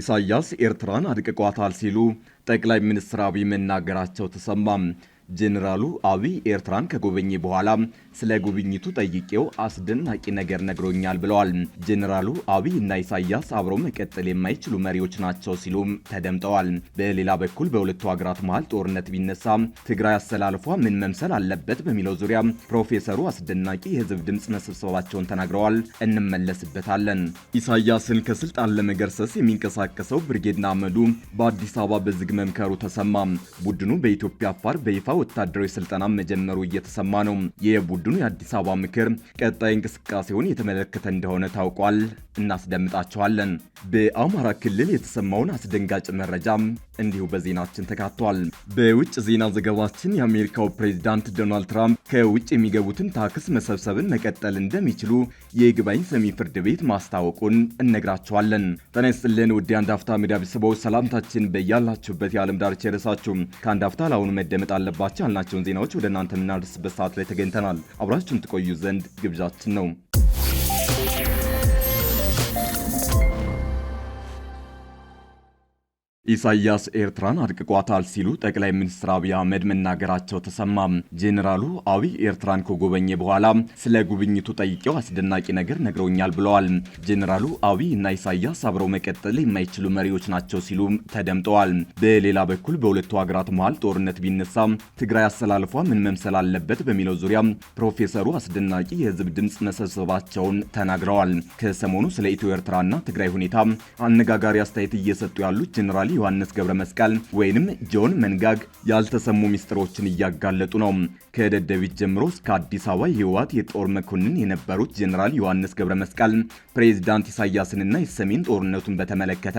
ኢሳያስ ኤርትራን አድቅቋታል ሲሉ ጠቅላይ ሚኒስትር አብይ መናገራቸው ተሰማ። ጄኔራሉ አብይ ኤርትራን ከጎበኘ በኋላ ስለ ጉብኝቱ ጠይቄው አስደናቂ ነገር ነግሮኛል ብለዋል። ጄኔራሉ አብይ እና ኢሳያስ አብረው መቀጠል የማይችሉ መሪዎች ናቸው ሲሉም ተደምጠዋል። በሌላ በኩል በሁለቱ ሀገራት መሀል ጦርነት ቢነሳ ትግራይ አሰላልፏ ምን መምሰል አለበት በሚለው ዙሪያ ፕሮፌሰሩ አስደናቂ የህዝብ ድምፅ መሰብሰባቸውን ተናግረዋል። እንመለስበታለን። ኢሳያስን ከስልጣን ለመገርሰስ የሚንቀሳቀሰው ብርጌድ ናመዱ በአዲስ አበባ በዝግ መምከሩ ተሰማ። ቡድኑ በኢትዮጵያ አፋር በይፋ ወታደራዊ ስልጠና መጀመሩ እየተሰማ ነው። የቡድኑ የአዲስ አበባ ምክር ቀጣይ እንቅስቃሴውን የተመለከተ እንደሆነ ታውቋል። እናስደምጣቸዋለን። በአማራ ክልል የተሰማውን አስደንጋጭ መረጃም እንዲሁ በዜናችን ተካቷል። በውጭ ዜና ዘገባችን የአሜሪካው ፕሬዚዳንት ዶናልድ ትራምፕ ከውጭ የሚገቡትን ታክስ መሰብሰብን መቀጠል እንደሚችሉ የይግባኝ ሰሚ ፍርድ ቤት ማስታወቁን እነግራቸዋለን። ጤና ይስጥልን ውድ አንድ አፍታ ሚዲያ ቤተሰቦች ሰላምታችን በያላችሁበት የዓለም ዳርቻ ይድረሳችሁ። ከአንድ አፍታ ለአሁኑ መደመጥ አለባቸው ያልናቸውን ዜናዎች ወደ እናንተ የምናደርስበት ሰዓት ላይ ተገኝተናል። አብራችሁን ትቆዩ ዘንድ ግብዣችን ነው። ኢሳያስ ኤርትራን አድቅቋታል ሲሉ ጠቅላይ ሚኒስትር አብይ አህመድ መናገራቸው ተሰማ። ጄኔራሉ አብይ ኤርትራን ከጎበኘ በኋላ ስለ ጉብኝቱ ጠይቄው አስደናቂ ነገር ነግረውኛል ብለዋል። ጄኔራሉ አብይ እና ኢሳያስ አብረው መቀጠል የማይችሉ መሪዎች ናቸው ሲሉ ተደምጠዋል። በሌላ በኩል በሁለቱ ሀገራት መሃል ጦርነት ቢነሳ ትግራይ አሰላልፏ ምን መምሰል አለበት በሚለው ዙሪያ ፕሮፌሰሩ አስደናቂ የህዝብ ድምፅ መሰብሰባቸውን ተናግረዋል። ከሰሞኑ ስለ ኢትዮ ኤርትራና ትግራይ ሁኔታ አነጋጋሪ አስተያየት እየሰጡ ያሉት ጄኔራል ዮሐንስ ገብረ መስቀል ወይንም ጆን መንጋግ ያልተሰሙ ሚስጥሮችን እያጋለጡ ነው። ከደደቢት ጀምሮ እስከ አዲስ አበባ የህወሓት የጦር መኮንን የነበሩት ጀኔራል ዮሐንስ ገብረ መስቀል ፕሬዚዳንት ኢሳያስንና የሰሜን ጦርነቱን በተመለከተ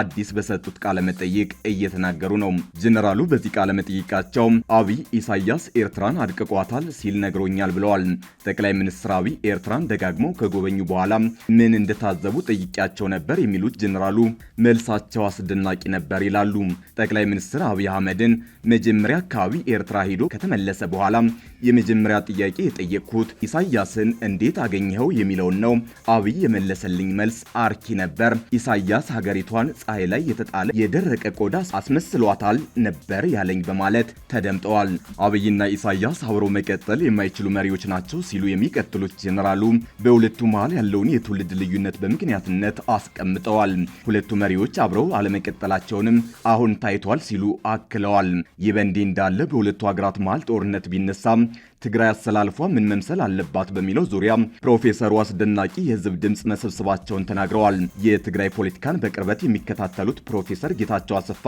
አዲስ በሰጡት ቃለመጠይቅ እየተናገሩ ነው። ጀኔራሉ በዚህ መጠይቃቸው አብይ ኢሳያስ ኤርትራን አድቅቋታል ሲል ነግሮኛል ብለዋል። ጠቅላይ ሚኒስትር አብይ ኤርትራን ደጋግመው ከጎበኙ በኋላ ምን እንደታዘቡ ጠይቄያቸው ነበር የሚሉት ጀኔራሉ መልሳቸው አስደናቂ ነበር ይላሉ። ጠቅላይ ሚኒስትር አብይ አህመድን መጀመሪያ አካባቢ ኤርትራ ሄዶ ከተመለሰ በኋላ በኋላ የመጀመሪያ ጥያቄ የጠየቅኩት ኢሳያስን እንዴት አገኘኸው የሚለውን ነው። አብይ የመለሰልኝ መልስ አርኪ ነበር። ኢሳያስ ሀገሪቷን ፀሐይ ላይ የተጣለ የደረቀ ቆዳ አስመስሏታል ነበር ያለኝ በማለት ተደምጠዋል። አብይና ኢሳያስ አብረው መቀጠል የማይችሉ መሪዎች ናቸው ሲሉ የሚቀጥሉት ጄኔራሉ በሁለቱ መሃል ያለውን የትውልድ ልዩነት በምክንያትነት አስቀምጠዋል። ሁለቱ መሪዎች አብረው አለመቀጠላቸውንም አሁን ታይቷል ሲሉ አክለዋል። ይህ በእንዲህ እንዳለ በሁለቱ ሀገራት መሃል ጦርነት ቢ። the sum ትግራይ አሰላልፏ ምን መምሰል አለባት በሚለው ዙሪያ ፕሮፌሰሩ አስደናቂ የህዝብ ድምፅ መሰብሰባቸውን ተናግረዋል። የትግራይ ፖለቲካን በቅርበት የሚከታተሉት ፕሮፌሰር ጌታቸው አሰፋ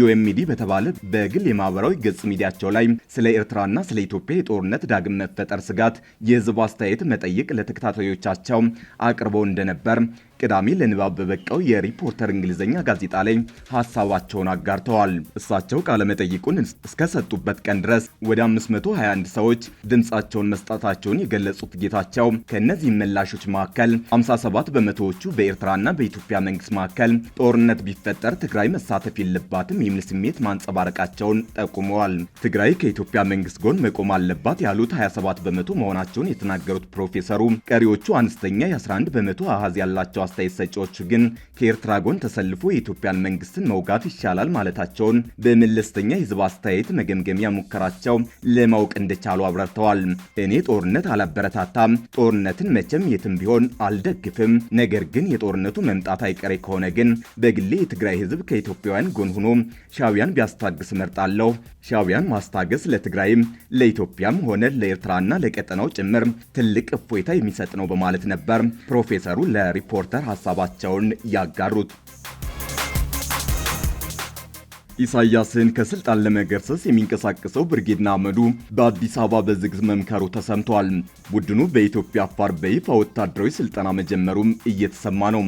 ዩኤምዲ በተባለ በግል የማህበራዊ ገጽ ሚዲያቸው ላይ ስለ ኤርትራና ስለ ኢትዮጵያ የጦርነት ዳግም መፈጠር ስጋት የህዝብ አስተያየት መጠይቅ ለተከታታዮቻቸው አቅርበው እንደነበር ቅዳሜ ለንባብ በበቃው የሪፖርተር እንግሊዝኛ ጋዜጣ ላይ ሀሳባቸውን አጋርተዋል። እሳቸው ቃለመጠይቁን እስከሰጡበት ቀን ድረስ ወደ 521 ሰዎች ድምፃቸውን መስጠታቸውን የገለጹት ጌታቸው ከእነዚህ ምላሾች መካከል 57 በመቶዎቹ በኤርትራና በኢትዮጵያ መንግስት መካከል ጦርነት ቢፈጠር ትግራይ መሳተፍ የለባትም የሚል ስሜት ማንጸባረቃቸውን ጠቁመዋል። ትግራይ ከኢትዮጵያ መንግስት ጎን መቆም አለባት ያሉት 27 በመቶ መሆናቸውን የተናገሩት ፕሮፌሰሩ ቀሪዎቹ አነስተኛ የ11 በመቶ አሃዝ ያላቸው አስተያየት ሰጪዎቹ ግን ከኤርትራ ጎን ተሰልፎ የኢትዮጵያን መንግስትን መውጋት ይሻላል ማለታቸውን በመለስተኛ የህዝብ አስተያየት መገምገሚያ ሙከራቸው ለማወቅ እንደቻሉ አብረ አብራርተዋል። እኔ ጦርነት አላበረታታም፣ ጦርነትን መቼም የትም ቢሆን አልደግፍም። ነገር ግን የጦርነቱ መምጣት አይቀሬ ከሆነ ግን በግሌ የትግራይ ህዝብ ከኢትዮጵያውያን ጎን ሆኖ ሻቢያን ቢያስታግስ መርጣለሁ። ሻቢያን ማስታገስ ለትግራይም ለኢትዮጵያም ሆነ ለኤርትራና ለቀጠናው ጭምር ትልቅ እፎይታ የሚሰጥ ነው በማለት ነበር ፕሮፌሰሩ ለሪፖርተር ሀሳባቸውን ያጋሩት። ኢሳያስን ከስልጣን ለመገርሰስ የሚንቀሳቀሰው ብርጌድ ንሓመዱ በአዲስ አበባ በዝግ መምከሩ ተሰምቷል። ቡድኑ በኢትዮጵያ አፋር በይፋ ወታደራዊ ስልጠና መጀመሩም እየተሰማ ነው።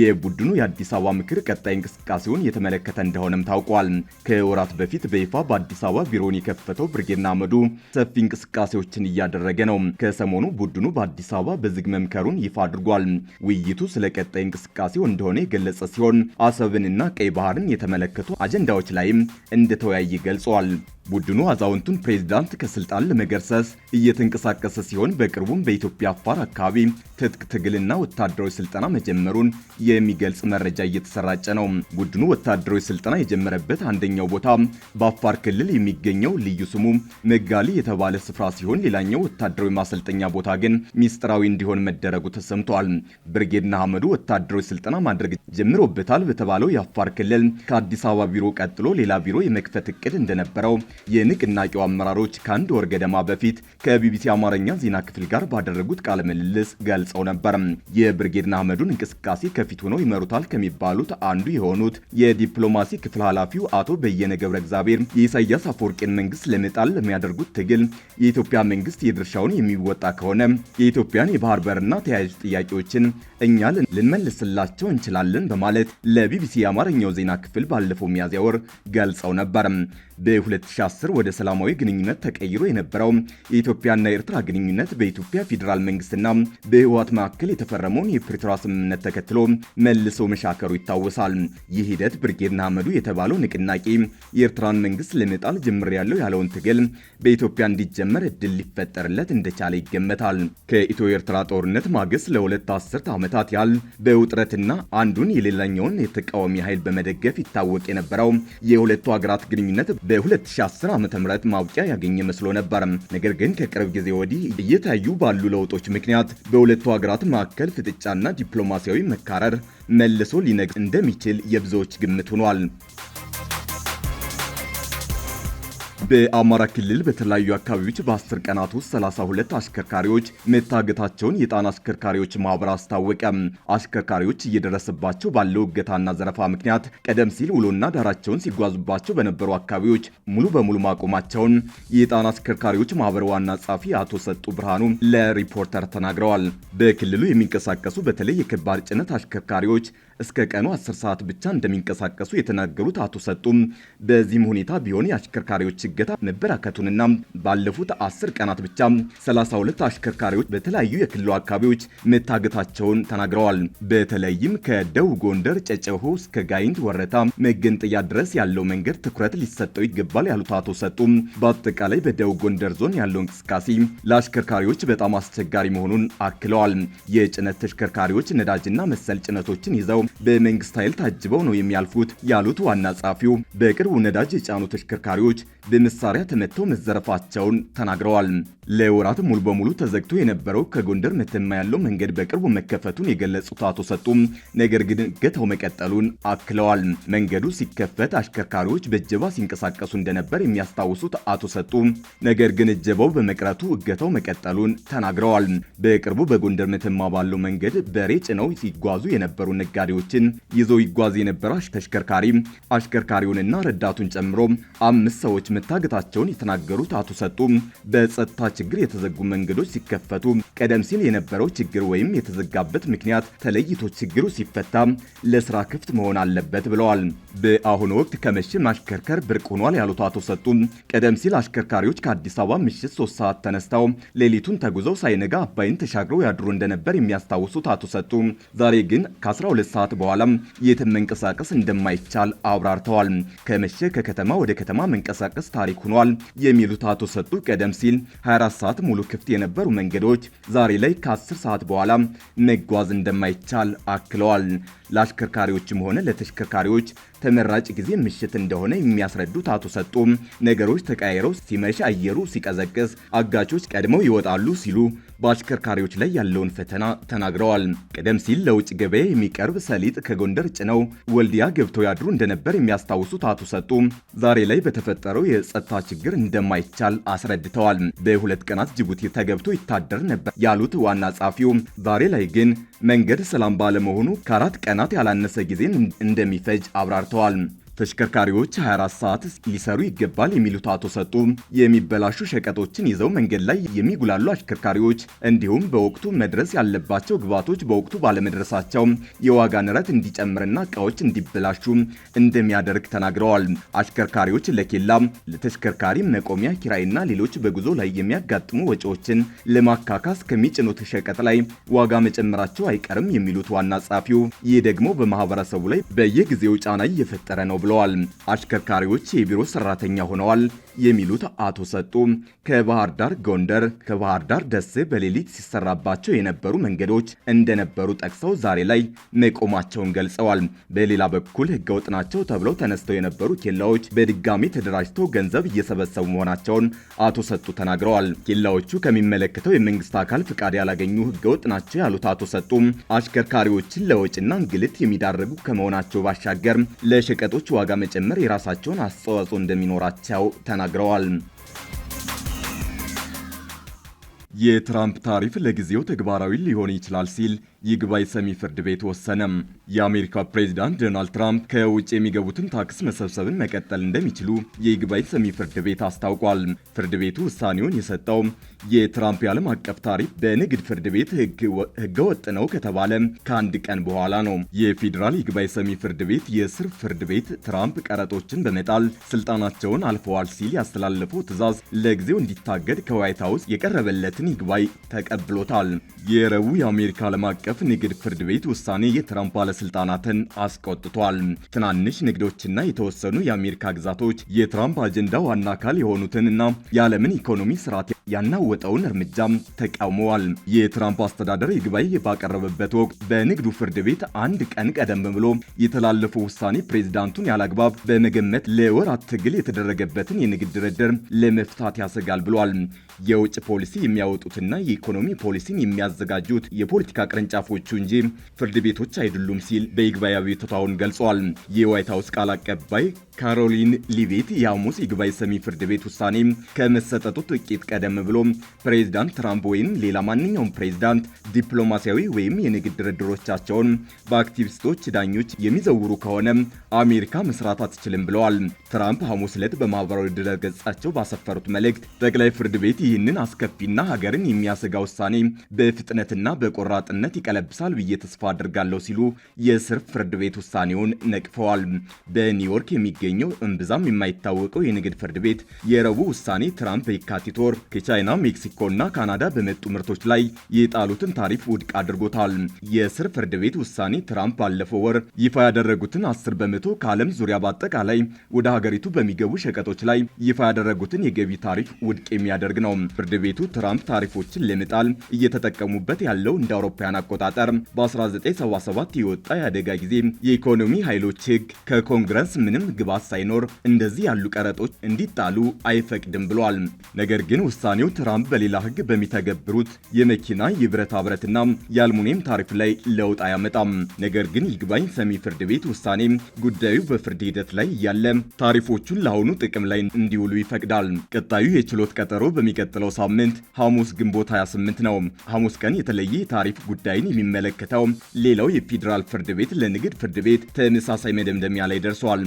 የቡድኑ የአዲስ አበባ ምክር ቀጣይ እንቅስቃሴውን የተመለከተ እንደሆነም ታውቋል። ከወራት በፊት በይፋ በአዲስ አበባ ቢሮውን የከፈተው ብርጌድ ንሓመዱ ሰፊ እንቅስቃሴዎችን እያደረገ ነው። ከሰሞኑ ቡድኑ በአዲስ አበባ በዝግ መምከሩን ይፋ አድርጓል። ውይይቱ ስለ ቀጣይ እንቅስቃሴው እንደሆነ የገለጸ ሲሆን አሰብንና ቀይ ባህርን የተመለከቱ አጀንዳዎች ላይም እንደተወያየ ገልጿል። ቡድኑ አዛውንቱን ፕሬዝዳንት ከስልጣን ለመገርሰስ እየተንቀሳቀሰ ሲሆን በቅርቡም በኢትዮጵያ አፋር አካባቢ ትጥቅ ትግልና ወታደራዊ ስልጠና መጀመሩን የሚገልጽ መረጃ እየተሰራጨ ነው። ቡድኑ ወታደራዊ ስልጠና የጀመረበት አንደኛው ቦታ በአፋር ክልል የሚገኘው ልዩ ስሙ መጋሊ የተባለ ስፍራ ሲሆን፣ ሌላኛው ወታደራዊ ማሰልጠኛ ቦታ ግን ሚስጥራዊ እንዲሆን መደረጉ ተሰምቷል። ብርጌድና አህመዱ ወታደራዊ ስልጠና ማድረግ ጀምሮበታል በተባለው የአፋር ክልል ከአዲስ አበባ ቢሮ ቀጥሎ ሌላ ቢሮ የመክፈት እቅድ እንደነበረው የንቅናቄው አመራሮች ከአንድ ወር ገደማ በፊት ከቢቢሲ አማርኛ ዜና ክፍል ጋር ባደረጉት ቃለ ምልልስ ገልጸው ነበር። የብርጌድና አህመዱን እንቅስቃሴ ከፊት ሆነው ይመሩታል ከሚባሉት አንዱ የሆኑት የዲፕሎማሲ ክፍል ኃላፊው አቶ በየነ ገብረ እግዚአብሔር የኢሳያስ አፈወርቂን መንግስት ለመጣል ለሚያደርጉት ትግል የኢትዮጵያ መንግስት የድርሻውን የሚወጣ ከሆነ የኢትዮጵያን የባህር በርና ተያያዥ ጥያቄዎችን እኛ ልንመልስላቸው እንችላለን በማለት ለቢቢሲ የአማርኛው ዜና ክፍል ባለፈው ሚያዝያ ወር ገልጸው ነበር። በ 2010 ወደ ሰላማዊ ግንኙነት ተቀይሮ የነበረው የኢትዮጵያና የኤርትራ ግንኙነት በኢትዮጵያ ፌዴራል መንግስትና በህወሓት መካከል የተፈረመውን የፕሪቶሪያ ስምምነት ተከትሎ መልሶ መሻከሩ ይታወሳል። ይህ ሂደት ብርጌድ ንሓመዱ የተባለው ንቅናቄ የኤርትራን መንግስት ለመጣል ያለው ያለውን ትግል በኢትዮጵያ እንዲጀመር እድል ሊፈጠርለት እንደቻለ ይገመታል። ከኢትዮ ኤርትራ ጦርነት ማግስት ለሁለት አስርት ዓመታት ያህል በውጥረትና አንዱን የሌላኛውን የተቃዋሚ ኃይል በመደገፍ ይታወቅ የነበረው የሁለቱ ሀገራት ግንኙነት በ2010 10 ዓመተ ምህረት ማውቂያ ያገኘ መስሎ ነበር። ነገር ግን ከቅርብ ጊዜ ወዲህ እየታዩ ባሉ ለውጦች ምክንያት በሁለቱ ሀገራት መካከል ፍጥጫና ዲፕሎማሲያዊ መካረር መልሶ ሊነግ እንደሚችል የብዙዎች ግምት ሆኗል። በአማራ ክልል በተለያዩ አካባቢዎች በ10 ቀናት ውስጥ 32 አሽከርካሪዎች መታገታቸውን የጣና አሽከርካሪዎች ማህበር አስታወቀ። አሽከርካሪዎች እየደረሰባቸው ባለው እገታና ዘረፋ ምክንያት ቀደም ሲል ውሎና ዳራቸውን ሲጓዙባቸው በነበሩ አካባቢዎች ሙሉ በሙሉ ማቆማቸውን የጣና አሽከርካሪዎች ማህበር ዋና ጸሐፊ አቶ ሰጡ ብርሃኑ ለሪፖርተር ተናግረዋል። በክልሉ የሚንቀሳቀሱ በተለይ የከባድ ጭነት አሽከርካሪዎች እስከ ቀኑ 10 ሰዓት ብቻ እንደሚንቀሳቀሱ የተናገሩት አቶ ሰጡም በዚህም ሁኔታ ቢሆን የአሽከርካሪዎች እገታ መበራከቱንና ባለፉት 10 ቀናት ብቻ 32 አሽከርካሪዎች በተለያዩ የክልሉ አካባቢዎች መታገታቸውን ተናግረዋል። በተለይም ከደቡብ ጎንደር ጨጨሆ እስከ ጋይንት ወረታ መገንጠያ ድረስ ያለው መንገድ ትኩረት ሊሰጠው ይገባል ያሉት አቶ ሰጡም በአጠቃላይ በደቡብ ጎንደር ዞን ያለው እንቅስቃሴ ለአሽከርካሪዎች በጣም አስቸጋሪ መሆኑን አክለዋል። የጭነት ተሽከርካሪዎች ነዳጅና መሰል ጭነቶችን ይዘው በመንግስት ኃይል ታጅበው ነው የሚያልፉት ያሉት ዋና ጸሐፊው በቅርቡ ነዳጅ የጫኑ ተሽከርካሪዎች በመሳሪያ ተመተው መዘረፋቸውን ተናግረዋል። ለወራት ሙሉ በሙሉ ተዘግቶ የነበረው ከጎንደር መተማ ያለው መንገድ በቅርቡ መከፈቱን የገለጹት አቶ ሰጡም ነገር ግን እገታው መቀጠሉን አክለዋል። መንገዱ ሲከፈት አሽከርካሪዎች በእጀባ ሲንቀሳቀሱ እንደነበር የሚያስታውሱት አቶ ሰጡ ነገር ግን እጀባው በመቅረቱ እገታው መቀጠሉን ተናግረዋል። በቅርቡ በጎንደር መተማ ባለው መንገድ በሬ ጭነው ሲጓዙ የነበሩ ነጋዴዎች ሰዎችን ይዞ ይጓዝ የነበረ ተሽከርካሪ አሽከርካሪውንና ረዳቱን ጨምሮ አምስት ሰዎች መታገታቸውን የተናገሩት አቶ ሰጡ በጸጥታ ችግር የተዘጉ መንገዶች ሲከፈቱ ቀደም ሲል የነበረው ችግር ወይም የተዘጋበት ምክንያት ተለይቶ ችግሩ ሲፈታ ለስራ ክፍት መሆን አለበት ብለዋል። በአሁኑ ወቅት ከመሸ ማሽከርከር ብርቅ ሆኗል ያሉት አቶ ሰጡ ቀደም ሲል አሽከርካሪዎች ከአዲስ አበባ ምሽት ሶስት ሰዓት ተነስተው ሌሊቱን ተጉዘው ሳይነጋ አባይን ተሻግረው ያድሩ እንደነበር የሚያስታውሱት አቶ ሰጡ ዛሬ ግን ከ12 ሰዓት ሰዓት በኋላም የትም መንቀሳቀስ እንደማይቻል አብራርተዋል። ከመሸ ከከተማ ወደ ከተማ መንቀሳቀስ ታሪክ ሆኗል የሚሉት አቶ ሰጡ ቀደም ሲል 24 ሰዓት ሙሉ ክፍት የነበሩ መንገዶች ዛሬ ላይ ከ10 ሰዓት በኋላ መጓዝ እንደማይቻል አክለዋል። ለአሽከርካሪዎችም ሆነ ለተሽከርካሪዎች ተመራጭ ጊዜ ምሽት እንደሆነ የሚያስረዱት አቶ ሰጡ ነገሮች ተቀያይረው ሲመሽ አየሩ ሲቀዘቅዝ አጋቾች ቀድመው ይወጣሉ ሲሉ በአሽከርካሪዎች ላይ ያለውን ፈተና ተናግረዋል። ቀደም ሲል ለውጭ ገበያ የሚቀርብ ሰሊጥ ከጎንደር ጭነው ወልዲያ ገብተው ያድሩ እንደነበር የሚያስታውሱት አቶ ሰጡ ዛሬ ላይ በተፈጠረው የጸጥታ ችግር እንደማይቻል አስረድተዋል። በሁለት ቀናት ጅቡቲ ተገብቶ ይታደር ነበር ያሉት ዋና ጸሐፊው ዛሬ ላይ ግን መንገድ ሰላም ባለመሆኑ ከአራት ቀናት ያላነሰ ጊዜን እንደሚፈጅ አብራርተዋል። ተሽከርካሪዎች 24 ሰዓት ሊሰሩ ይገባል የሚሉት አቶ ሰጡ የሚበላሹ ሸቀጦችን ይዘው መንገድ ላይ የሚጉላሉ አሽከርካሪዎች እንዲሁም በወቅቱ መድረስ ያለባቸው ግብዓቶች በወቅቱ ባለመድረሳቸው የዋጋ ንረት እንዲጨምርና እቃዎች እንዲበላሹ እንደሚያደርግ ተናግረዋል። አሽከርካሪዎች ለኬላ፣ ለተሽከርካሪ መቆሚያ ኪራይና ሌሎች በጉዞ ላይ የሚያጋጥሙ ወጪዎችን ለማካካስ ከሚጭኑት ሸቀጥ ላይ ዋጋ መጨመራቸው አይቀርም የሚሉት ዋና ጸሐፊው፣ ይህ ደግሞ በማህበረሰቡ ላይ በየጊዜው ጫና እየፈጠረ ነው ብለዋል። አሽከርካሪዎች የቢሮ ሰራተኛ ሆነዋል የሚሉት አቶ ሰጡ ከባህር ዳር ጎንደር፣ ከባህር ዳር ደሴ በሌሊት ሲሰራባቸው የነበሩ መንገዶች እንደነበሩ ጠቅሰው ዛሬ ላይ መቆማቸውን ገልጸዋል። በሌላ በኩል ህገወጥ ናቸው ተብለው ተነስተው የነበሩ ኬላዎች በድጋሚ ተደራጅተው ገንዘብ እየሰበሰቡ መሆናቸውን አቶ ሰጡ ተናግረዋል። ኬላዎቹ ከሚመለከተው የመንግስት አካል ፍቃድ ያላገኙ ህገወጥ ናቸው ያሉት አቶ ሰጡ አሽከርካሪዎችን ለወጪና እንግልት የሚዳርጉ ከመሆናቸው ባሻገር ለሸቀጦች ዋጋ መጨመር የራሳቸውን አስተዋጽኦ እንደሚኖራቸው ተናግረዋል። ተናግረዋል። የትራምፕ ታሪፍ ለጊዜው ተግባራዊ ሊሆን ይችላል ሲል ይግባኝ ሰሚ ፍርድ ቤት ወሰነ የአሜሪካ ፕሬዚዳንት ዶናልድ ትራምፕ ከውጭ የሚገቡትን ታክስ መሰብሰብን መቀጠል እንደሚችሉ የይግባኝ ሰሚ ፍርድ ቤት አስታውቋል። ፍርድ ቤቱ ውሳኔውን የሰጠው የትራምፕ የዓለም አቀፍ ታሪፍ በንግድ ፍርድ ቤት ህገወጥ ነው ከተባለ ከአንድ ቀን በኋላ ነው። የፌዴራል ይግባኝ ሰሚ ፍርድ ቤት የስር ፍርድ ቤት ትራምፕ ቀረጦችን በመጣል ስልጣናቸውን አልፈዋል ሲል ያስተላለፈው ትዕዛዝ ለጊዜው እንዲታገድ ከዋይት ሀውስ የቀረበለትን ይግባኝ ተቀብሎታል። የረቡዕ የአሜሪካ ዓለም አቀፍ አቀፍ ንግድ ፍርድ ቤት ውሳኔ የትራምፕ ባለስልጣናትን አስቆጥቷል። ትናንሽ ንግዶችና የተወሰኑ የአሜሪካ ግዛቶች የትራምፕ አጀንዳ ዋና አካል የሆኑትን እና የዓለምን ኢኮኖሚ ስርዓት ያናወጠውን እርምጃም ተቃውመዋል። የትራምፕ አስተዳደር ይግባኝ ባቀረበበት ወቅት በንግዱ ፍርድ ቤት አንድ ቀን ቀደም ብሎ የተላለፈው ውሳኔ ፕሬዚዳንቱን ያላግባብ በመገመት ለወራት ትግል የተደረገበትን የንግድ ድርድር ለመፍታት ያሰጋል ብሏል። የውጭ ፖሊሲ የሚያወጡትና የኢኮኖሚ ፖሊሲን የሚያዘጋጁት የፖለቲካ ቅርንጫፍ ድጋፎቹ እንጂ ፍርድ ቤቶች አይደሉም ሲል በይግባይ አቤቱታውን ገልጿል። የዋይት ሀውስ ቃል አቀባይ ካሮሊን ሊቤት የሐሙስ ይግባይ ሰሚ ፍርድ ቤት ውሳኔ ከመሰጠቱ ጥቂት ቀደም ብሎ ፕሬዚዳንት ትራምፕ ወይም ሌላ ማንኛውም ፕሬዚዳንት ዲፕሎማሲያዊ ወይም የንግድ ድርድሮቻቸውን በአክቲቪስቶች ዳኞች የሚዘውሩ ከሆነ አሜሪካ መስራት አትችልም ብለዋል። ትራምፕ ሐሙስ ዕለት በማኅበራዊ ድረገጻቸው ባሰፈሩት መልእክት ጠቅላይ ፍርድ ቤት ይህንን አስከፊና ሀገርን የሚያሰጋ ውሳኔ በፍጥነትና በቆራጥነት ይቀ ይቀለብሳል ብዬ ተስፋ አድርጋለሁ ሲሉ የስር ፍርድ ቤት ውሳኔውን ነቅፈዋል። በኒውዮርክ የሚገኘው እምብዛም የማይታወቀው የንግድ ፍርድ ቤት የረቡዕ ውሳኔ ትራምፕ በየካቲት ወር ከቻይና ሜክሲኮ እና ካናዳ በመጡ ምርቶች ላይ የጣሉትን ታሪፍ ውድቅ አድርጎታል። የስር ፍርድ ቤት ውሳኔ ትራምፕ ባለፈው ወር ይፋ ያደረጉትን 10 በመቶ ከዓለም ዙሪያ በአጠቃላይ ወደ ሀገሪቱ በሚገቡ ሸቀጦች ላይ ይፋ ያደረጉትን የገቢ ታሪፍ ውድቅ የሚያደርግ ነው። ፍርድ ቤቱ ትራምፕ ታሪፎችን ለመጣል እየተጠቀሙበት ያለው እንደ አውሮፓውያን አቆጣ አቆጣጠር በ1977 የወጣ የአደጋ ጊዜ የኢኮኖሚ ኃይሎች ሕግ ከኮንግረስ ምንም ግባት ሳይኖር እንደዚህ ያሉ ቀረጦች እንዲጣሉ አይፈቅድም ብሏል። ነገር ግን ውሳኔው ትራምፕ በሌላ ሕግ በሚተገብሩት የመኪና የብረታ ብረትና የአልሙኒየም ታሪፍ ላይ ለውጥ አያመጣም። ነገር ግን ይግባኝ ሰሚ ፍርድ ቤት ውሳኔ ጉዳዩ በፍርድ ሂደት ላይ እያለ ታሪፎቹን ለአሁኑ ጥቅም ላይ እንዲውሉ ይፈቅዳል። ቀጣዩ የችሎት ቀጠሮ በሚቀጥለው ሳምንት ሐሙስ ግንቦት 28 ነው። ሐሙስ ቀን የተለየ የታሪፍ ጉዳይ ጉዳይን የሚመለከተው ሌላው የፌዴራል ፍርድ ቤት ለንግድ ፍርድ ቤት ተመሳሳይ መደምደሚያ ላይ ደርሷል።